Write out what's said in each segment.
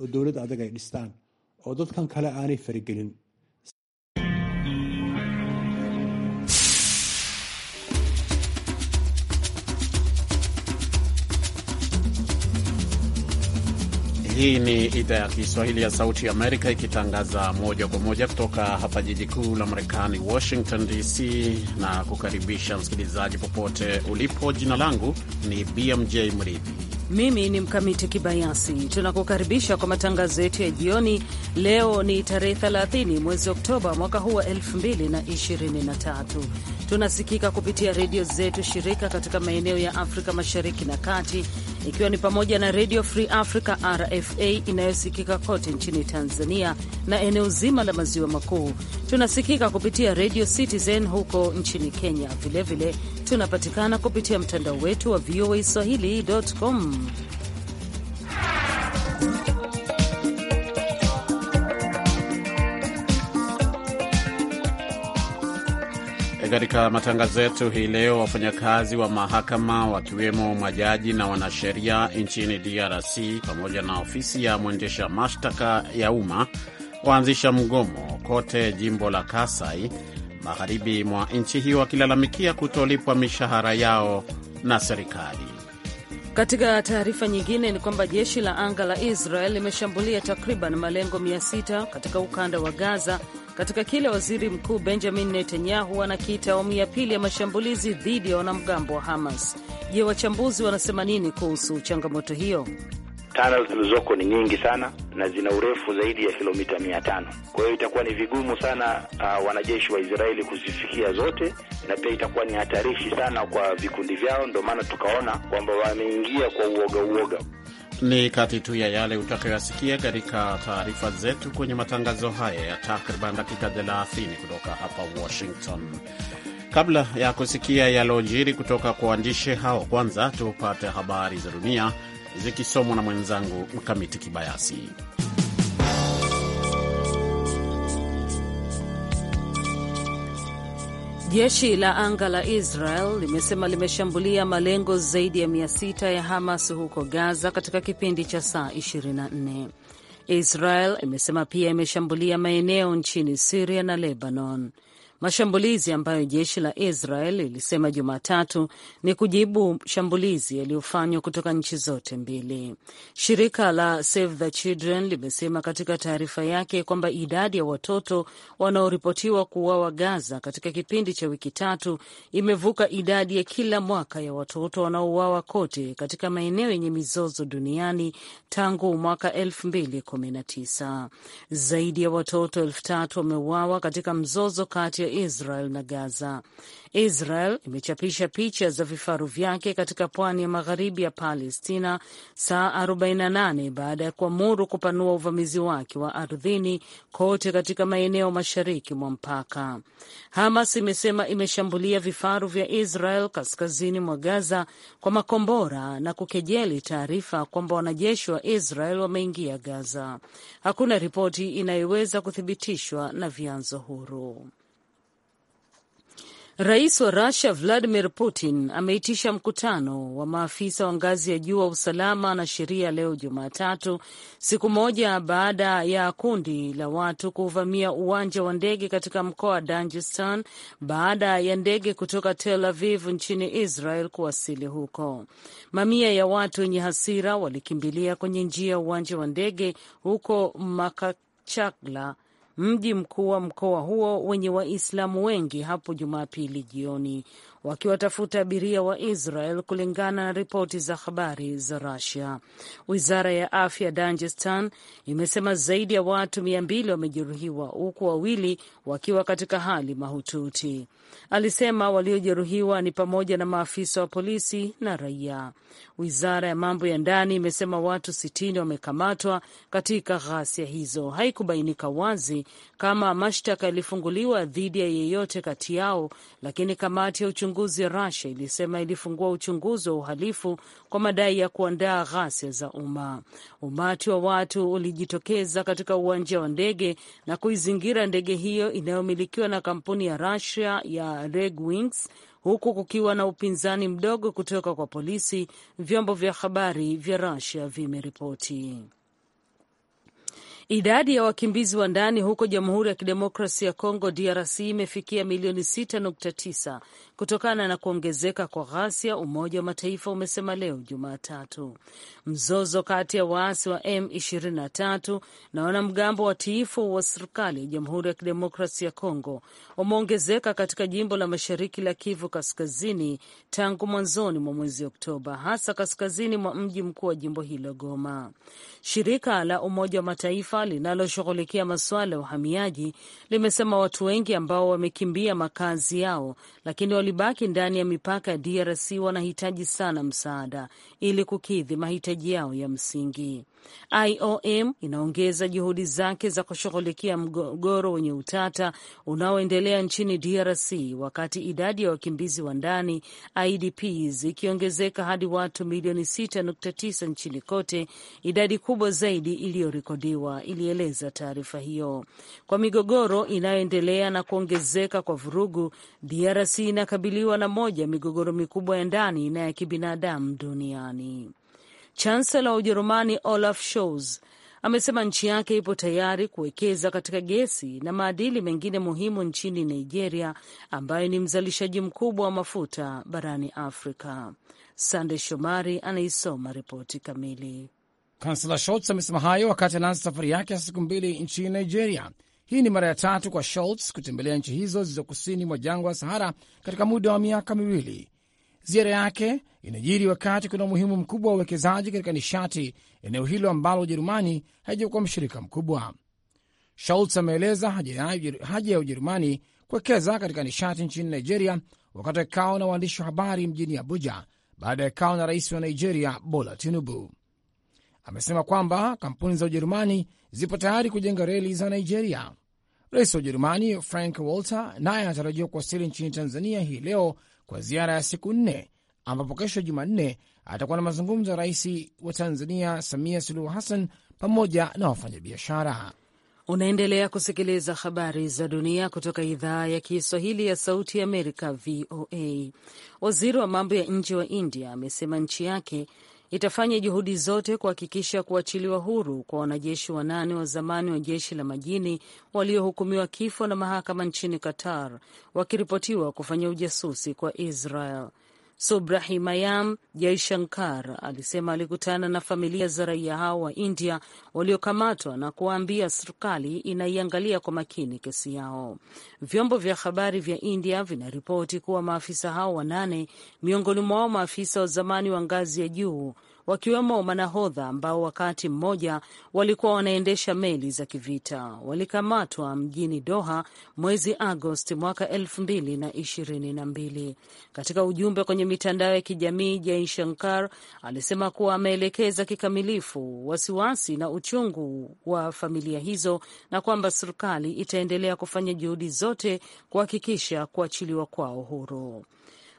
oo dowlad adag ay dhistaan oo dadkan kale aanay faragelin Hii ni idhaa ya Kiswahili ya Sauti Amerika ikitangaza moja kwa moja kutoka hapa jiji kuu la Marekani, Washington DC, na kukaribisha msikilizaji popote ulipo. Jina langu ni BMJ Mridhi mimi ni Mkamiti Kibayasi. Tunakukaribisha kwa matangazo yetu ya jioni. Leo ni tarehe 30 mwezi Oktoba mwaka huu wa 2023. Tunasikika kupitia redio zetu shirika katika maeneo ya Afrika Mashariki na Kati ikiwa ni pamoja na Radio Free Africa RFA inayosikika kote nchini Tanzania na eneo zima la maziwa makuu. Tunasikika kupitia Radio Citizen huko nchini Kenya. Vilevile tunapatikana kupitia mtandao wetu wa VOA swahili.com. Katika matangazo yetu hii leo, wafanyakazi wa mahakama wakiwemo majaji na wanasheria nchini DRC pamoja na ofisi ya mwendesha mashtaka ya umma waanzisha mgomo kote jimbo la Kasai magharibi mwa nchi hiyo, wakilalamikia kutolipwa mishahara yao na serikali. Katika taarifa nyingine ni kwamba jeshi la anga la Israel limeshambulia takriban malengo 600 katika ukanda wa Gaza katika kile waziri mkuu Benjamin Netanyahu anakiita awamu ya pili ya mashambulizi dhidi ya wanamgambo wa Hamas. Je, wachambuzi wanasema nini kuhusu changamoto hiyo? Tunnel zilizoko ni nyingi sana na zina urefu zaidi ya kilomita mia tano. Kwa hiyo itakuwa ni vigumu sana uh, wanajeshi wa Israeli kuzifikia zote, na pia itakuwa ni hatarishi sana kwa vikundi vyao. Ndio maana tukaona kwamba wameingia kwa uoga uoga. Ni kati tu ya yale utakayoyasikia katika taarifa zetu kwenye matangazo haya ya takriban dakika 30 kutoka hapa Washington. Kabla ya kusikia yalojiri kutoka kwa waandishi hao, kwanza tupate habari za dunia zikisomwa na mwenzangu Mkamiti Kibayasi. Jeshi la anga la Israel limesema limeshambulia malengo zaidi ya 600 ya Hamas huko Gaza katika kipindi cha saa 24. Israel imesema pia imeshambulia maeneo nchini Siria na Lebanon. Mashambulizi ambayo jeshi la Israel lilisema Jumatatu ni kujibu shambulizi yaliyofanywa kutoka nchi zote mbili. Shirika la Save the Children limesema katika taarifa yake kwamba idadi ya watoto wanaoripotiwa kuuawa Gaza katika kipindi cha wiki tatu imevuka idadi ya kila mwaka ya watoto wanaouawa kote katika maeneo yenye mizozo duniani tangu mwaka 2019. Zaidi ya watoto elfu tatu wameuawa katika mzozo kati ya Israel na Gaza. Israel imechapisha picha za vifaru vyake katika pwani ya magharibi ya Palestina saa 48 baada ya kuamuru kupanua uvamizi wake wa ardhini kote katika maeneo mashariki mwa mpaka. Hamas imesema imeshambulia vifaru vya Israel kaskazini mwa Gaza kwa makombora na kukejeli taarifa kwamba wanajeshi wa Israel wameingia Gaza. Hakuna ripoti inayoweza kuthibitishwa na vyanzo huru. Rais wa Rusia Vladimir Putin ameitisha mkutano wa maafisa wa ngazi ya juu wa usalama na sheria leo Jumatatu, siku moja baada ya kundi la watu kuvamia uwanja wa ndege katika mkoa wa Dagestan baada ya ndege kutoka Tel Aviv nchini Israel kuwasili huko. Mamia ya watu wenye hasira walikimbilia kwenye njia ya uwanja wa ndege huko Makachagla mji mkuu wa mkoa huo wenye Waislamu wengi hapo Jumapili jioni wakiwatafuta abiria wa Israel, kulingana na ripoti za habari za Rusia. Wizara ya afya Dagestan imesema zaidi ya watu mia mbili wamejeruhiwa huku wawili wakiwa katika hali mahututi. Alisema waliojeruhiwa ni pamoja na maafisa wa polisi na raia. Wizara ya mambo ya ndani imesema watu sitini wamekamatwa katika ghasia hizo. Haikubainika wazi kama mashtaka yalifunguliwa dhidi ya yeyote kati yao, lakini kamati ya uchunguzi uchunguzi ya Russia ilisema ilifungua uchunguzi wa uhalifu kwa madai ya kuandaa ghasia za umma. Umati wa watu ulijitokeza katika uwanja wa ndege na kuizingira ndege hiyo inayomilikiwa na kampuni ya Russia ya Wings huku kukiwa na upinzani mdogo kutoka kwa polisi, vyombo vya habari vya Russia vimeripoti. Idadi ya wakimbizi wa ndani huko Jamhuri ya Kidemokrasi ya Kongo DRC imefikia milioni 6.9 kutokana na kuongezeka kwa ghasia, Umoja wa Mataifa umesema leo Jumatatu. Mzozo kati ya waasi wa M23 na wanamgambo watiifu wa serikali ya Jamhuri ya Kidemokrasi ya Kongo umeongezeka katika jimbo la mashariki la Kivu Kaskazini tangu mwanzoni mwa mwezi Oktoba, hasa kaskazini mwa mji mkuu wa jimbo hilo Goma. Shirika la Umoja wa Mataifa linaloshughulikia masuala ya uhamiaji limesema watu wengi ambao wamekimbia makazi yao lakini walibaki ndani ya mipaka ya DRC wanahitaji sana msaada ili kukidhi mahitaji yao ya msingi. IOM inaongeza juhudi zake za kushughulikia mgogoro wenye utata unaoendelea nchini DRC wakati idadi ya wakimbizi wa ndani IDPs ikiongezeka hadi watu milioni 6.9 nchini kote, idadi kubwa zaidi iliyorekodiwa, ilieleza taarifa hiyo. Kwa migogoro inayoendelea na kuongezeka kwa vurugu, DRC inakabiliwa na moja migogoro mikubwa ya ndani na ya kibinadamu duniani. Chansela wa Ujerumani Olaf Scholz amesema nchi yake ipo tayari kuwekeza katika gesi na maadili mengine muhimu nchini Nigeria, ambayo ni mzalishaji mkubwa wa mafuta barani Afrika. Sande Shomari anaisoma ripoti kamili. Kansela Scholz amesema hayo wakati anaanza safari yake ya siku mbili nchini Nigeria. Hii ni mara ya tatu kwa Scholz kutembelea nchi hizo zilizo kusini mwa jangwa la Sahara katika muda wa miaka miwili, Ziara yake inajiri wakati kuna umuhimu mkubwa wa uwekezaji katika nishati eneo hilo ambalo Ujerumani haijakuwa mshirika mkubwa. Scholz ameeleza haja ya Ujerumani kuwekeza katika nishati nchini Nigeria wakati wa kikao na waandishi wa habari mjini Abuja baada ya kikao na rais wa Nigeria Bola Tinubu. Amesema kwamba kampuni za Ujerumani zipo tayari kujenga reli za Nigeria. Rais wa Ujerumani Frank Walter naye anatarajiwa kuwasili nchini Tanzania hii leo kwa ziara ya siku nne, ambapo kesho Jumanne atakuwa na mazungumzo ya rais wa Tanzania Samia Suluhu Hassan pamoja na wafanyabiashara. Unaendelea kusikiliza habari za dunia kutoka idhaa ya Kiswahili ya Sauti ya Amerika, VOA. Waziri wa mambo ya nje wa India amesema nchi yake itafanya juhudi zote kuhakikisha kuachiliwa huru kwa wanajeshi wanane wa zamani wa jeshi la majini waliohukumiwa kifo na mahakama nchini Qatar, wakiripotiwa kufanya ujasusi kwa Israel. Mayam Jaishankar alisema alikutana na familia za raia hao wa India waliokamatwa na kuwaambia serikali inaiangalia kwa makini kesi yao. Vyombo vya habari vya India vinaripoti kuwa maafisa hao wanane, miongoni mwao maafisa wa zamani wa ngazi ya juu wakiwemo manahodha ambao wakati mmoja walikuwa wanaendesha meli za kivita walikamatwa mjini Doha mwezi Agosti mwaka elfu mbili na ishirini na mbili. Katika ujumbe kwenye mitandao ya kijamii, Jai Shankar alisema kuwa ameelekeza kikamilifu wasiwasi na uchungu wa familia hizo na kwamba serikali itaendelea kufanya juhudi zote kuhakikisha kuachiliwa kwao huru.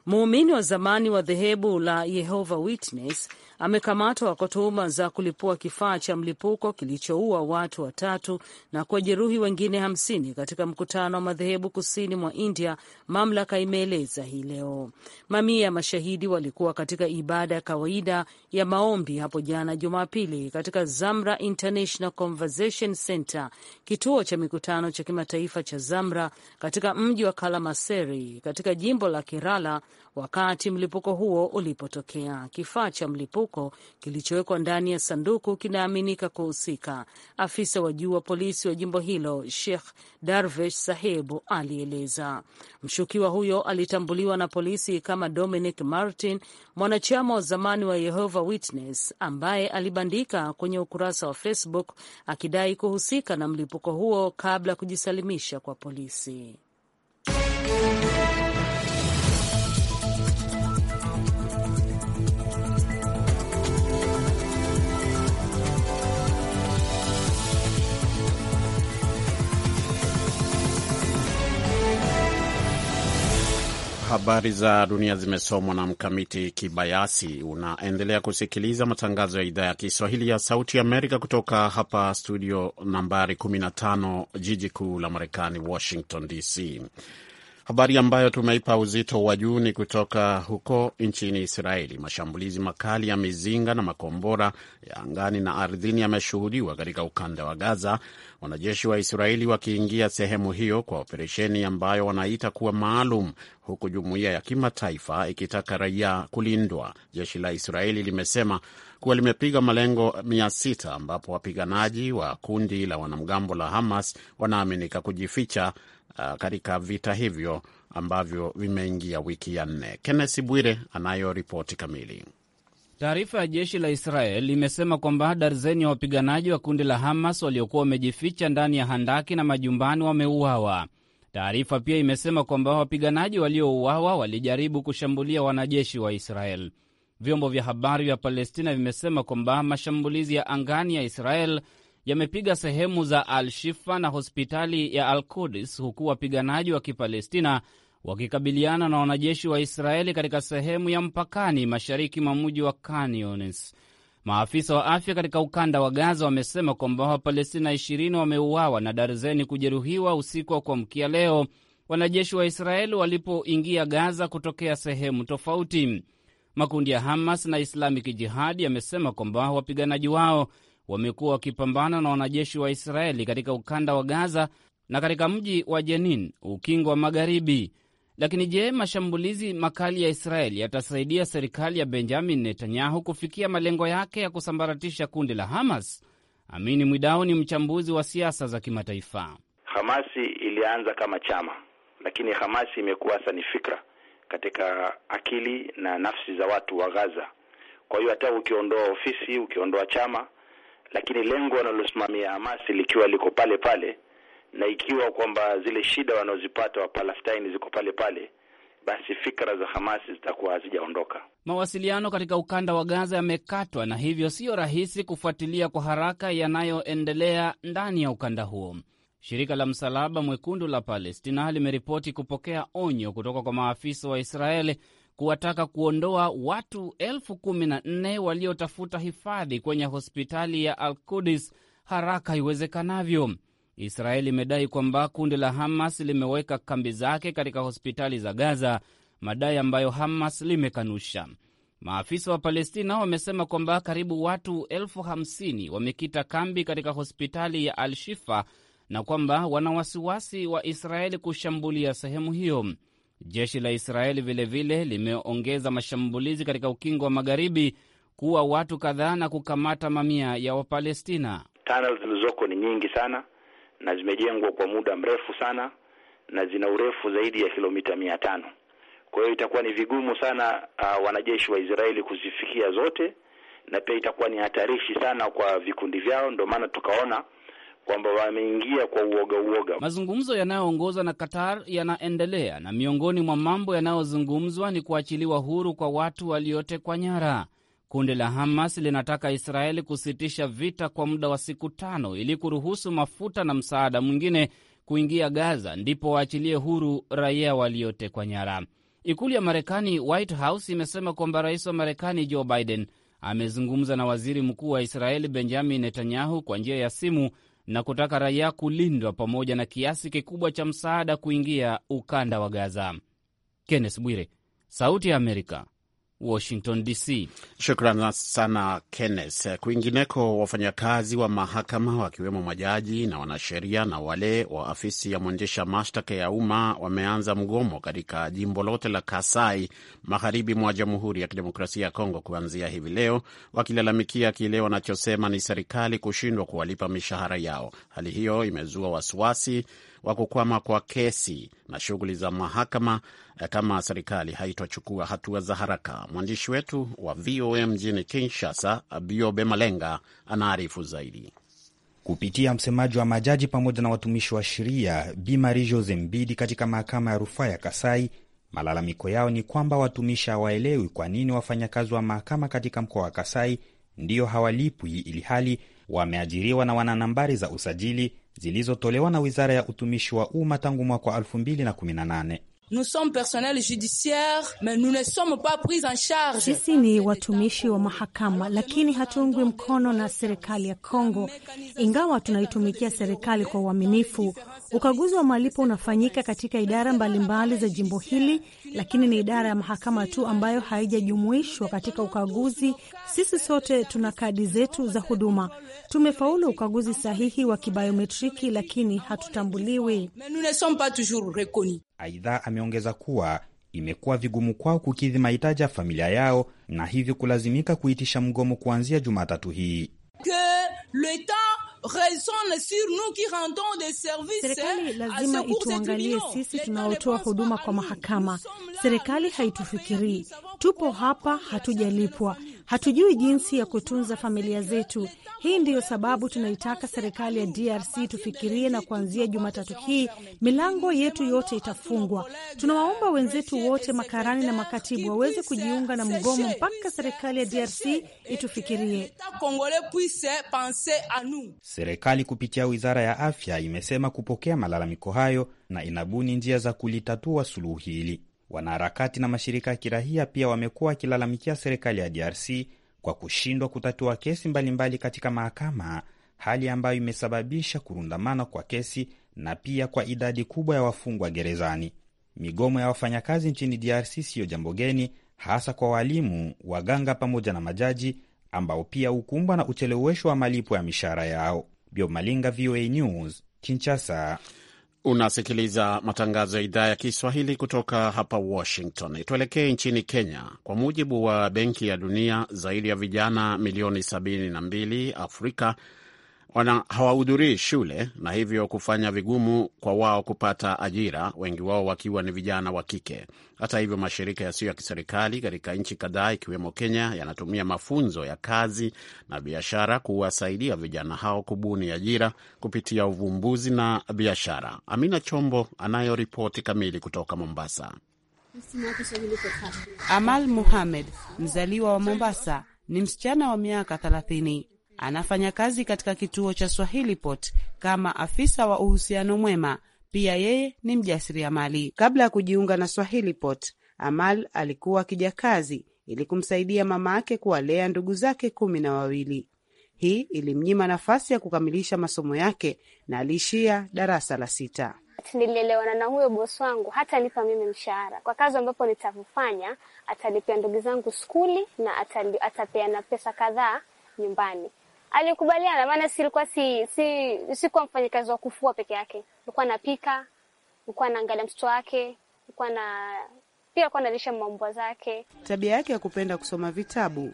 Muumini wa zamani wa dhehebu la Yehova Witness amekamatwa kwa tuhuma za kulipua kifaa cha mlipuko kilichoua watu watatu na kuwajeruhi wengine hamsini katika mkutano wa madhehebu kusini mwa India, mamlaka imeeleza hii leo. Mamia ya mashahidi walikuwa katika ibada ya kawaida ya maombi hapo jana Jumapili katika Zamra International Conversation Center, kituo cha mikutano cha kimataifa cha Zamra katika mji wa Kalamaseri katika jimbo la Kerala wakati mlipuko huo ulipotokea. Kifaa cha mlipuko kilichowekwa ndani ya sanduku kinaaminika kuhusika, afisa wa juu wa polisi wa jimbo hilo Sheikh Darvesh Sahibu alieleza. Mshukiwa huyo alitambuliwa na polisi kama Dominic Martin, mwanachama wa zamani wa Yehova Witness ambaye alibandika kwenye ukurasa wa Facebook akidai kuhusika na mlipuko huo kabla ya kujisalimisha kwa polisi. Habari za dunia zimesomwa na Mkamiti Kibayasi. Unaendelea kusikiliza matangazo ya idhaa ya Kiswahili ya Sauti Amerika kutoka hapa studio nambari 15, jiji kuu la Marekani, Washington DC. Habari ambayo tumeipa uzito wa juu ni kutoka huko nchini Israeli. Mashambulizi makali ya mizinga na makombora ya angani na ardhini yameshuhudiwa katika ukanda wa Gaza, wanajeshi wa Israeli wakiingia sehemu hiyo kwa operesheni ambayo wanaita kuwa maalum, huku jumuiya ya kimataifa ikitaka raia kulindwa. Jeshi la Israeli limesema kuwa limepiga malengo 6 ambapo wapiganaji wa kundi la wanamgambo la Hamas wanaaminika kujificha uh, katika vita hivyo ambavyo vimeingia wiki ya nne. Kenneth Bwire anayo ripoti kamili. Taarifa ya jeshi la Israel imesema kwamba darzeni ya wapiganaji wa kundi la Hamas waliokuwa wamejificha ndani ya handaki na majumbani wameuawa. Taarifa pia imesema kwamba wapiganaji waliouawa walijaribu kushambulia wanajeshi wa Israel. Vyombo vya habari vya Palestina vimesema kwamba mashambulizi ya angani ya Israel yamepiga sehemu za Al Shifa na hospitali ya Al Kudis, huku wapiganaji wa Kipalestina wakikabiliana na wanajeshi wa Israeli katika sehemu ya mpakani mashariki mwa mji wa Khan Younis. Maafisa wa afya katika ukanda wa Gaza wamesema kwamba Wapalestina 20 wameuawa na darzeni kujeruhiwa usiku wa kuamkia leo, wanajeshi wa Israeli walipoingia Gaza kutokea sehemu tofauti. Makundi ya Hamas na Islamic jihadi yamesema kwamba wapiganaji wao wamekuwa wakipambana na wanajeshi wa Israeli katika ukanda wa Gaza na katika mji wa Jenin, ukingo wa Magharibi. Lakini je, mashambulizi makali ya Israeli yatasaidia serikali ya Benjamin Netanyahu kufikia malengo yake ya kusambaratisha kundi la Hamas? Amini Mwidau ni mchambuzi wa siasa za kimataifa. Hamasi ilianza kama chama, lakini Hamasi imekuwa sasa ni fikra katika akili na nafsi za watu wa Gaza. Kwa hiyo hata ukiondoa ofisi, ukiondoa chama, lakini lengo wanalosimamia Hamasi likiwa liko pale pale, na ikiwa kwamba zile shida wanazozipata wa Palestine ziko pale pale, basi fikra za Hamasi zitakuwa hazijaondoka. Mawasiliano katika ukanda wa Gaza yamekatwa, na hivyo siyo rahisi kufuatilia kwa haraka yanayoendelea ndani ya ukanda huo. Shirika la Msalaba Mwekundu la Palestina limeripoti kupokea onyo kutoka kwa maafisa wa Israeli kuwataka kuondoa watu elfu kumi na nne waliotafuta hifadhi kwenye hospitali ya al kudis haraka iwezekanavyo. Israeli imedai kwamba kundi la Hamas limeweka kambi zake katika hospitali za Gaza, madai ambayo Hamas limekanusha. Maafisa wa Palestina wamesema kwamba karibu watu elfu hamsini wamekita kambi katika hospitali ya Al-Shifa na kwamba wana wasiwasi wa Israeli kushambulia sehemu hiyo. Jeshi la Israeli vilevile limeongeza mashambulizi katika ukingo wa magharibi, kuwa watu kadhaa na kukamata mamia ya Wapalestina. Tunnel zilizoko ni nyingi sana na zimejengwa kwa muda mrefu sana na zina urefu zaidi ya kilomita mia tano. Kwa hiyo itakuwa ni vigumu sana uh, wanajeshi wa Israeli kuzifikia zote, na pia itakuwa ni hatarishi sana kwa vikundi vyao. Ndio maana tukaona kwamba wameingia kwa uoga uoga. Mazungumzo yanayoongozwa na Qatar yanaendelea na miongoni mwa mambo yanayozungumzwa ni kuachiliwa huru kwa watu waliotekwa nyara. Kundi la Hamas linataka Israeli kusitisha vita kwa muda wa siku tano ili kuruhusu mafuta na msaada mwingine kuingia Gaza, ndipo waachilie huru raia waliotekwa nyara. Ikulu ya Marekani, White House, imesema kwamba rais wa Marekani Joe Biden amezungumza na waziri mkuu wa Israeli Benjamin Netanyahu kwa njia ya simu na kutaka raia kulindwa pamoja na kiasi kikubwa cha msaada kuingia ukanda wa Gaza. Kenneth Bwire, Sauti ya Amerika, Washington DC. Shukran sana Kenneth. Kwingineko, wafanyakazi wa mahakama wakiwemo majaji na wanasheria na wale wa afisi ya mwendesha mashtaka ya umma wameanza mgomo katika jimbo lote la Kasai magharibi mwa Jamhuri ya Kidemokrasia ya Kongo kuanzia hivi leo, wakilalamikia kile wanachosema ni serikali kushindwa kuwalipa mishahara yao. Hali hiyo imezua wasiwasi wa kukwama kwa kesi na shughuli za mahakama eh, kama serikali haitochukua hatua za haraka. Mwandishi wetu wa VOA mjini Kinshasa, Biobe Malenga, anaarifu zaidi. Kupitia msemaji wa majaji pamoja na watumishi wa sheria Bi Jose Mbidi katika mahakama ya rufaa ya Kasai, malalamiko yao ni kwamba watumishi hawaelewi kwa nini wafanyakazi wa mahakama katika mkoa wa Kasai ndiyo hawalipwi ili hali wameajiriwa na wananambari za usajili zilizotolewa na Wizara ya Utumishi wa Umma tangu mwaka wa 2018. Sisi ni watumishi wa mahakama, lakini hatuungwi mkono na serikali ya Kongo, ingawa tunaitumikia serikali kwa uaminifu. Ukaguzi wa malipo unafanyika katika idara mbalimbali za jimbo hili lakini ni idara ya mahakama tu ambayo haijajumuishwa katika ukaguzi. Sisi sote tuna kadi zetu za huduma. Tumefaulu ukaguzi sahihi wa kibayometriki, lakini hatutambuliwi. Aidha, ameongeza kuwa imekuwa vigumu kwao kukidhi mahitaji ya familia yao na hivyo kulazimika kuitisha mgomo kuanzia Jumatatu hii résonne sur nous qui rendons des services. Serikali lazima ituangalie sisi tunaotoa huduma kwa mahakama. Serikali haitufikirii, tupo hapa, hatujalipwa Hatujui jinsi ya kutunza familia zetu. Hii ndiyo sababu tunaitaka serikali ya DRC tufikirie, na kuanzia Jumatatu hii milango yetu yote itafungwa. Tunawaomba wenzetu wote makarani na makatibu waweze kujiunga na mgomo mpaka serikali ya DRC itufikirie. Serikali kupitia wizara ya afya imesema kupokea malalamiko hayo na inabuni njia za kulitatua suluhu hili. Wanaharakati na mashirika ya kirahia pia wamekuwa wakilalamikia serikali ya DRC kwa kushindwa kutatua kesi mbalimbali mbali katika mahakama, hali ambayo imesababisha kurundamana kwa kesi na pia kwa idadi kubwa ya wafungwa gerezani. Migomo ya wafanyakazi nchini DRC siyo jambo geni, hasa kwa walimu, waganga pamoja na majaji ambao pia hukumbwa na uchelewesho wa malipo ya mishahara yao. Biomalinga, VOA News, Kinshasa. Unasikiliza matangazo ya idhaa ya Kiswahili kutoka hapa Washington. Tuelekee nchini Kenya. Kwa mujibu wa Benki ya Dunia, zaidi ya vijana milioni 72 Afrika hawahudhurii shule na hivyo kufanya vigumu kwa wao kupata ajira, wengi wao wakiwa ni vijana wa kike. Hata hivyo, mashirika yasiyo ya kiserikali katika nchi kadhaa ikiwemo Kenya yanatumia mafunzo ya kazi na biashara kuwasaidia vijana hao kubuni ajira kupitia uvumbuzi na biashara. Amina Chombo anayo ripoti kamili kutoka Mombasa. Amal Muhamed, mzaliwa wa Mombasa, ni msichana wa miaka thelathini Anafanya kazi katika kituo cha Swahili pot kama afisa wa uhusiano mwema. Pia yeye ni mjasiriamali. Kabla ya kujiunga na Swahili pot Amal alikuwa kijakazi ili kumsaidia mama ake kuwalea ndugu zake kumi na wawili. Hii ilimnyima nafasi ya kukamilisha masomo yake na aliishia darasa la sita. Nilielewana na huyo bosi wangu, nipa mimi mshahara kwa kazi ambapo nitavyofanya atalipia ndugu zangu skuli na atali, atapeana pesa kadhaa nyumbani. Alikubaliana, maana silikuwa si si sikuwa mfanyakazi wa kufua peke yake, nilikuwa napika, nilikuwa naangalia mtoto wake, nilikuwa na pia alikuwa analisha mambwa zake. Tabia yake ya kupenda kusoma vitabu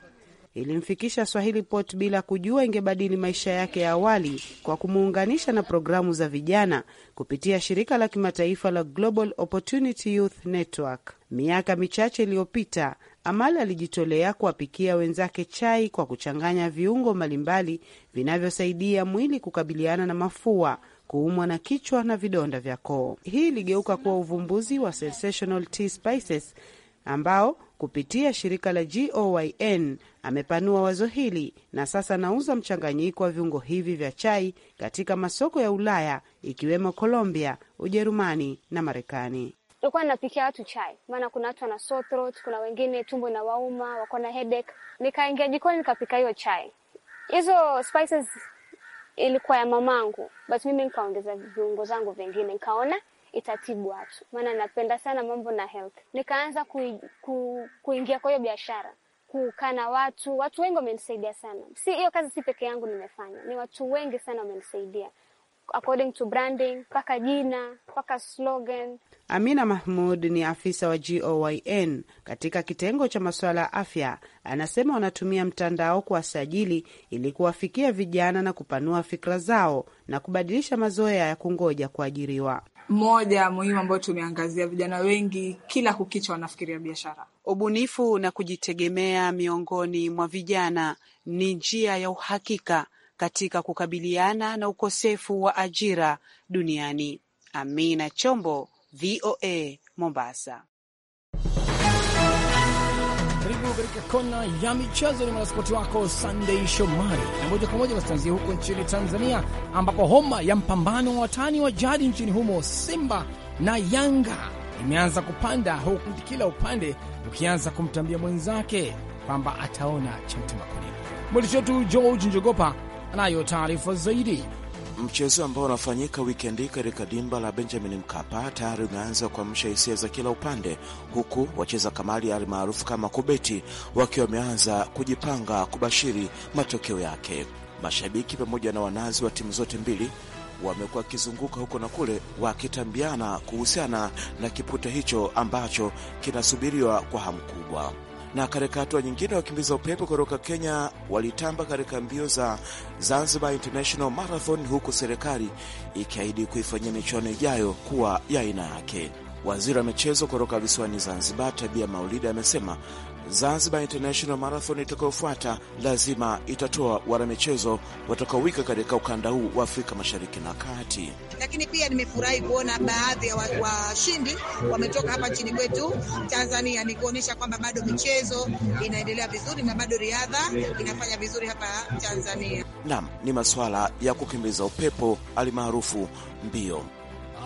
ilimfikisha Swahili Pot bila kujua ingebadili maisha yake ya awali kwa kumuunganisha na programu za vijana kupitia shirika la kimataifa la Global Opportunity Youth Network. Miaka michache iliyopita Amal alijitolea kuwapikia wenzake chai kwa kuchanganya viungo mbalimbali vinavyosaidia mwili kukabiliana na mafua, kuumwa na kichwa na vidonda vya koo. Hii iligeuka kuwa uvumbuzi wa sensational tea spices ambao kupitia shirika la GOYN amepanua wazo hili na sasa anauza mchanganyiko wa viungo hivi vya chai katika masoko ya Ulaya ikiwemo Colombia, Ujerumani na Marekani nilikuwa ninapikia watu chai, maana kuna watu wana sore throat, kuna wengine tumbo inawauma, wako na headache. Nikaingia jikoni nikapika hiyo chai. Hizo spices ilikuwa ya mamangu, but mimi nikaongeza viungo zangu vingine, nikaona itatibu watu, maana napenda sana mambo na health. Nikaanza ku, ku, kuingia kwa hiyo biashara, kukaa na watu. Watu wengi wamenisaidia sana, si hiyo kazi si peke yangu nimefanya, ni watu wengi sana wamenisaidia according to branding, mpaka jina, mpaka slogan. Amina Mahmud ni afisa wa GOYN katika kitengo cha masuala ya afya, anasema wanatumia mtandao kuwasajili ili kuwafikia vijana na kupanua fikra zao na kubadilisha mazoea ya kungoja kuajiriwa. Moja muhimu ambayo tumeangazia, vijana wengi kila kukicha wanafikiria biashara. Ubunifu na kujitegemea miongoni mwa vijana ni njia ya uhakika katika kukabiliana na ukosefu wa ajira duniani. Amina Chombo, VOA Mombasa. Karibu katika kona ya michezo, ni mwanaspoti wako Sunday Shomari na moja kwa moja basi huko nchini Tanzania, ambapo homa ya mpambano wa watani wa jadi nchini humo Simba na Yanga imeanza kupanda, huku kila upande ukianza kumtambia mwenzake kwamba ataona cha mtema kuni. Mwandishi wetu George Njogopa anayo taarifa zaidi. Mchezo ambao unafanyika wikendi katika dimba la Benjamin Mkapa tayari umeanza kuamsha hisia za kila upande, huku wacheza kamari almaarufu kama kubeti wakiwa wameanza kujipanga kubashiri matokeo yake. Mashabiki pamoja na wanazi wa timu zote mbili wamekuwa wakizunguka huko na kule wakitambiana kuhusiana na kiputa hicho ambacho kinasubiriwa kwa hamu kubwa. Na katika hatua nyingine, wakimbiza upepo kutoka Kenya walitamba katika mbio za Zanzibar International Marathon, huku serikali ikiahidi kuifanyia michuano ijayo kuwa ya aina yake. Waziri wa michezo kutoka visiwani Zanzibar, Tabia Maulida, amesema Zanzibar International Marathon itakayofuata lazima itatoa wanamichezo watakaowika katika ukanda huu wa Afrika Mashariki na Kati. Lakini pia nimefurahi kuona baadhi ya washindi wa wametoka hapa nchini kwetu Tanzania, ni kuonyesha kwamba bado michezo inaendelea vizuri na bado riadha inafanya vizuri hapa Tanzania. Naam, ni masuala ya kukimbiza upepo alimaarufu mbio.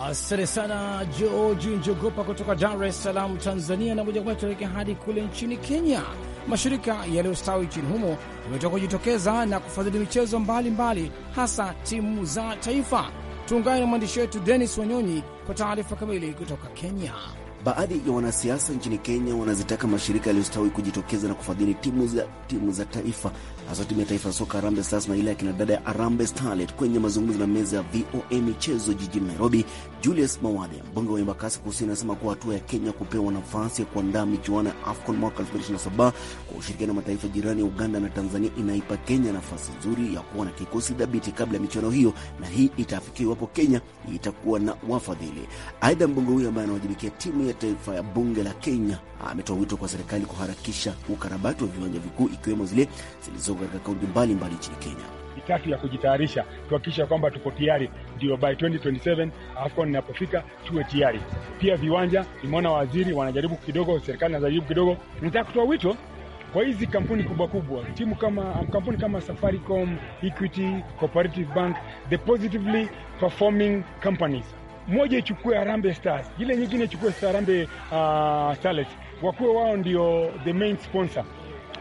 Asante sana George Njogopa kutoka Dar es Salaam, Tanzania. Na moja kwa moja tuelekea hadi kule nchini Kenya. Mashirika yaliyostawi nchini humo yametoka kujitokeza na kufadhili michezo mbalimbali mbali, hasa timu za taifa. Tuungane na mwandishi wetu Denis Wanyonyi kwa taarifa kamili kutoka Kenya. Baadhi ya wanasiasa nchini Kenya wanazitaka mashirika yaliyostawi kujitokeza na kufadhili timu za timu za taifa hasa timu ya taifa ya soka Harambee Stars na ile ya kinadada ya Harambee Starlet kwenye mazungumzo na meza ya VOA michezo jijini Nairobi. Julius Mawade, mbunge wa Embakasi Kusini, anasema kuwa hatua ya Kenya kupewa nafasi ya kuandaa michuano ya AFCON mwaka 2027 kwa ushirikiano na mataifa jirani ya Uganda na Tanzania inaipa Kenya nafasi nzuri ya kuwa na kikosi dhabiti kabla ya michuano hiyo, na hii itaafikia iwapo Kenya itakuwa na wafadhili. Aidha, mbunge huyo ambaye anawajibikia timu ya taifa ya bunge la Kenya ametoa wito kwa serikali kuharakisha ukarabati wa viwanja vikuu ikiwemo zile zilizo katika kaunti mbalimbali nchini Kenya. Ni kazi ya kujitayarisha tuhakikisha kwamba tuko tayari, ndio by 2027 AFCON inapofika tuwe tayari. Pia viwanja, nimeona waziri wanajaribu kidogo, serikali inajaribu kidogo. Nataka kutoa wito kwa hizi kampuni kubwa kubwa, timu kama kampuni kama Safaricom, Equity, Cooperative Bank, the positively performing companies moja ichukue Harambee Stars, ile nyingine ichukue Harambee uh, ah, Starlets, wakuwe wao ndio the main sponsor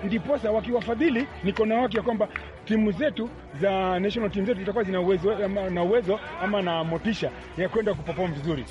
ndiposa wakiwafadhili niko na wake ya kwamba timu zetu za national team zetu zitakuwa zina uwezo na uwezo ama na motisha ya kwenda kuperform vizuri.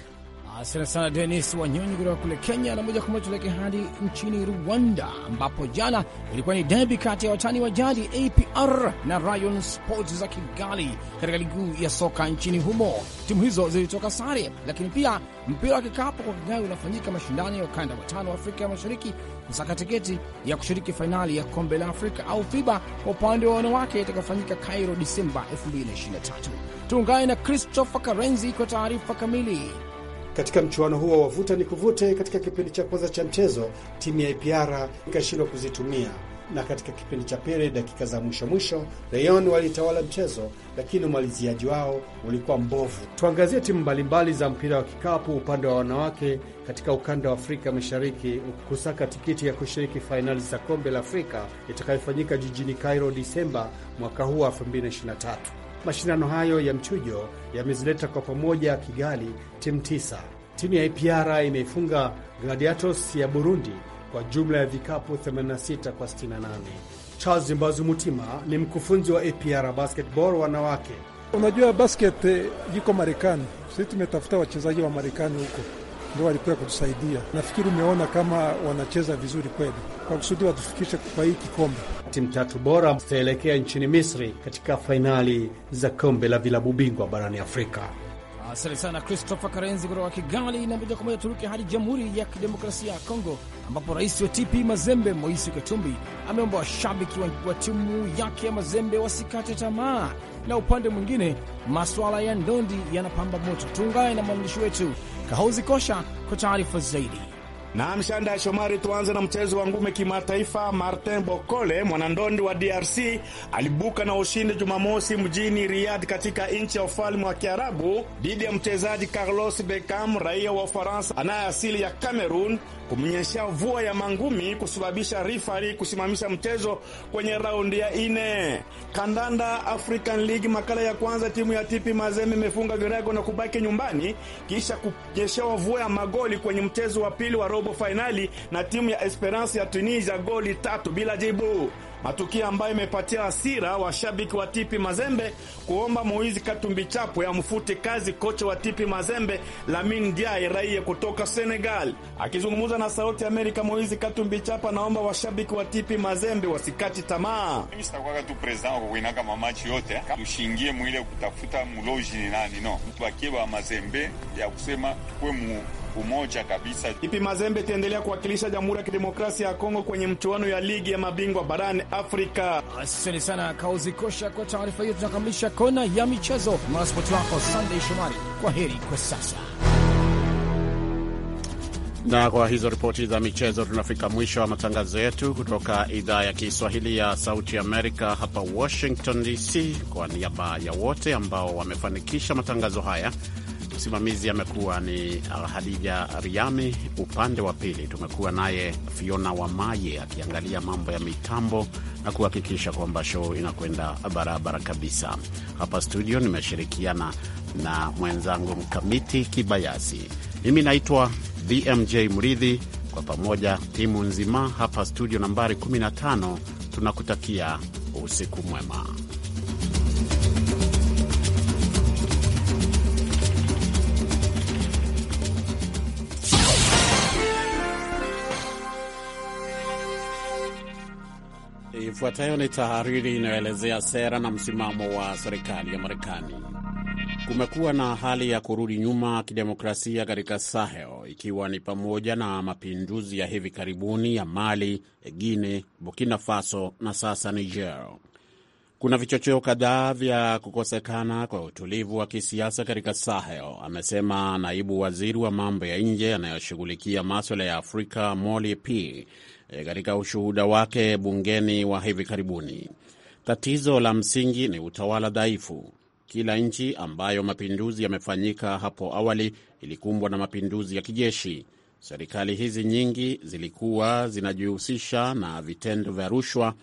Asante sana Denis Wanyonyi kutoka kule Kenya. Na moja kwa moja tuelekee hadi nchini Rwanda, ambapo jana ilikuwa ni debi kati ya watani wa jadi APR na Rayon Sports za Kigali katika ligi kuu ya soka nchini humo. Timu hizo zilitoka sare, lakini pia mpira wa kikapu kwa Kigali unafanyika mashindano ya ukanda wa tano wa Afrika ya Mashariki kusaka tiketi ya kushiriki fainali ya kombe la Afrika au FIBA kwa upande wa wanawake itakayofanyika Cairo Disemba 2023. Tuungane na Christopher Karenzi kwa taarifa kamili. Katika mchuano huo wa vuta ni kuvute, katika kipindi cha kwanza cha mchezo timu ya APR ikashindwa kuzitumia, na katika kipindi cha pili, dakika za mwisho mwisho, Lyon walitawala mchezo, lakini umaliziaji wao ulikuwa mbovu. Tuangazie timu mbalimbali za mpira wa kikapu upande wa wanawake katika ukanda wa Afrika Mashariki kusaka tikiti ya kushiriki fainali za kombe la Afrika itakayofanyika jijini Cairo Disemba mwaka huu wa 2023. Mashindano hayo ya mchujo yamezileta kwa pamoja Kigali timu tisa. Timu ya APR imeifunga Gladiators ya Burundi kwa jumla ya vikapu 86 kwa 68. Charles Mbazu Mutima ni mkufunzi wa APR basketball wanawake. Unajua basket eh, iko Marekani, sisi tumetafuta wachezaji wa Marekani huko ndio walikuwa kutusaidia. Nafikiri umeona kama wanacheza vizuri kweli, kwa kusudi watufikishe kwa hii kikombe. Timu tatu bora zitaelekea nchini Misri katika fainali za kombe la vilabu bingwa barani Afrika. Asante sana Christopher Karenzi kutoka Kigali. Na moja kwa moja turuke hadi Jamhuri ya Kidemokrasia ya Kongo, ambapo rais wa TP Mazembe moisi Katumbi ameomba washabiki wa timu yake ya Mazembe wasikate tamaa, na upande mwingine masuala ya ndondi yanapamba moto. Tuungane na mwandishi wetu Kahozi Kosha kwa taarifa zaidi. Shanda ya Shomari, tuanze na mchezo wa ngume kimataifa. Martin Bokole, mwanandondi wa DRC, alibuka na ushindi Jumamosi mjini Riyadh katika nchi ya ufalme wa Kiarabu dhidi ya mchezaji Carlos Beckham, raia wa Ufaransa anaye asili ya Cameroon kumnyesha mvua ya mangumi kusababisha rifari kusimamisha mchezo kwenye raundi ya ine. Kandanda African League makala ya kwanza, timu ya Tipi Mazembe imefunga Grego na kubaki nyumbani kisha kunyeshewa mvua ya magoli kwenye mchezo wa pili wa robo fainali na timu ya Esperance ya Tunisia goli tatu bila jibu matukio ambayo imepatia hasira washabiki wa Tipi Mazembe kuomba Moizi Katumbi Chapwe amfute kazi kocha wa Tipi Mazembe Lamin Diaye, raia kutoka Senegal. Akizungumza na Sauti ya Amerika, Moizi Katumbi Chapwe anaomba washabiki wa Tipi Mazembe wasikati tamaa. Mimi sitakuwa tu president wa kuinaka mamachi yote, tushingie mwile kutafuta ni nani, no Mazembe ya kusema kwe mu moja kabisa. Ipi Mazembe itaendelea kuwakilisha Jamhuri ya Kidemokrasia ya Kongo kwenye mchuano ya ligi ya mabingwa barani Afrika. Asante sana Kauzi Kosha kwa taarifa hiyo. Tunakamilisha kona ya michezo. Mwanaspoti wako Sandey Shomari, kwa heri kwa sasa. Na kwa hizo ripoti za michezo, tunafika mwisho wa matangazo yetu kutoka idhaa ya Kiswahili ya Sauti Amerika hapa Washington DC. Kwa niaba ya wote ambao wamefanikisha matangazo haya Msimamizi amekuwa ni Alhadija Riami, upande wa pili tumekuwa naye Fiona Wamaye akiangalia mambo ya mitambo na kuhakikisha kwamba show inakwenda barabara kabisa. Hapa studio nimeshirikiana na mwenzangu Mkamiti Kibayasi. Mimi naitwa BMJ Mridhi. Kwa pamoja timu nzima hapa studio nambari 15 tunakutakia usiku mwema. Ifuatayo ni tahariri inayoelezea sera na msimamo wa serikali ya Marekani. Kumekuwa na hali ya kurudi nyuma kidemokrasia katika Sahel, ikiwa ni pamoja na mapinduzi ya hivi karibuni ya Mali, guine Burkina Faso na sasa Niger. Kuna vichocheo kadhaa vya kukosekana kwa utulivu wa kisiasa katika Sahel, amesema naibu waziri wa mambo ya nje anayoshughulikia maswala ya Afrika Molly P Eh, katika ushuhuda wake bungeni wa hivi karibuni. Tatizo la msingi ni utawala dhaifu. Kila nchi ambayo mapinduzi yamefanyika hapo awali ilikumbwa na mapinduzi ya kijeshi. Serikali hizi nyingi zilikuwa zinajihusisha na vitendo vya rushwa,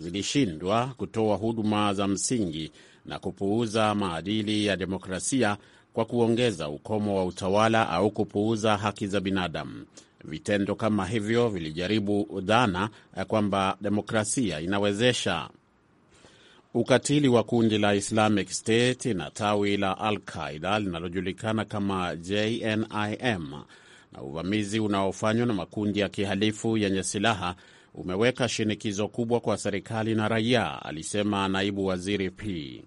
zilishindwa kutoa huduma za msingi na kupuuza maadili ya demokrasia kwa kuongeza ukomo wa utawala au kupuuza haki za binadamu. Vitendo kama hivyo vilijaribu dhana ya kwamba demokrasia inawezesha ukatili wa kundi la Islamic State na tawi la Al Qaida linalojulikana kama JNIM na uvamizi unaofanywa na makundi ya kihalifu yenye silaha umeweka shinikizo kubwa kwa serikali na raia, alisema naibu waziri P.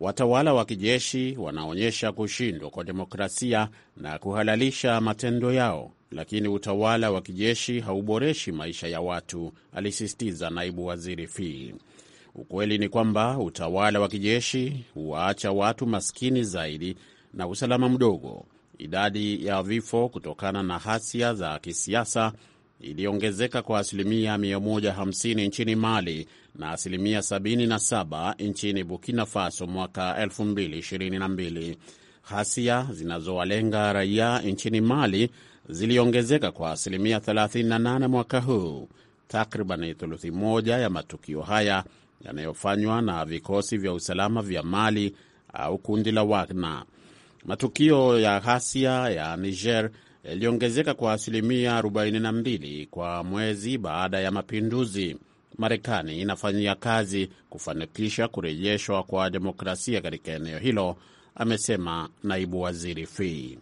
Watawala wa kijeshi wanaonyesha kushindwa kwa demokrasia na kuhalalisha matendo yao lakini utawala wa kijeshi hauboreshi maisha ya watu, alisisitiza naibu waziri Fi. Ukweli ni kwamba utawala wa kijeshi huwaacha watu maskini zaidi na usalama mdogo. Idadi ya vifo kutokana na hasia za kisiasa iliongezeka kwa asilimia 150 nchini Mali na asilimia 77 nchini Burkina Faso mwaka 2022. Hasia zinazowalenga raia nchini Mali ziliongezeka kwa asilimia 38 mwaka huu. Takriban thuluthi moja ya matukio haya yanayofanywa na vikosi vya usalama vya Mali au kundi la Wagner. Matukio ya ghasia ya Niger yaliongezeka kwa asilimia 42 kwa mwezi baada ya mapinduzi. Marekani inafanyia kazi kufanikisha kurejeshwa kwa demokrasia katika eneo hilo, amesema naibu waziri Fii.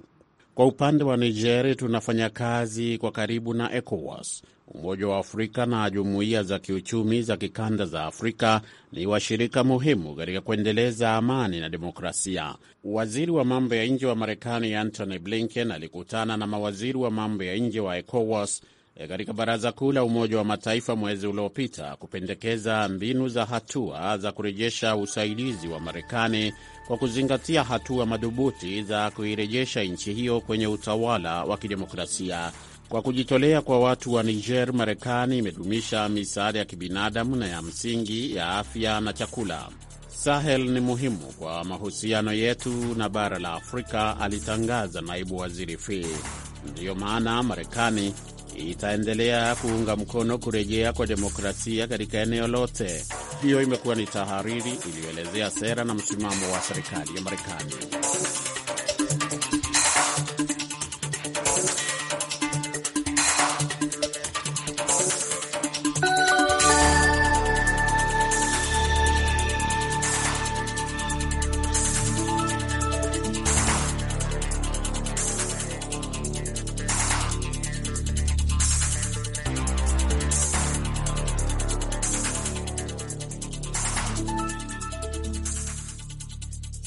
Kwa upande wa nigeri tunafanya kazi kwa karibu na ECOWAS, Umoja wa Afrika na jumuiya za kiuchumi za kikanda za Afrika ni washirika muhimu katika kuendeleza amani na demokrasia. Waziri wa mambo ya nje wa Marekani Antony Blinken alikutana na mawaziri wa mambo ya nje wa ECOWAS eh, katika Baraza Kuu la Umoja wa Mataifa mwezi uliopita kupendekeza mbinu za hatua za kurejesha usaidizi wa Marekani kwa kuzingatia hatua madhubuti za kuirejesha nchi hiyo kwenye utawala wa kidemokrasia. Kwa kujitolea kwa watu wa Niger, Marekani imedumisha misaada ya kibinadamu na ya msingi ya afya na chakula. Sahel ni muhimu kwa mahusiano yetu na bara la Afrika, alitangaza naibu waziri Fee. Ndiyo maana Marekani itaendelea kuunga mkono kurejea kwa demokrasia katika eneo lote. Hiyo imekuwa ni tahariri iliyoelezea sera na msimamo wa serikali ya Marekani.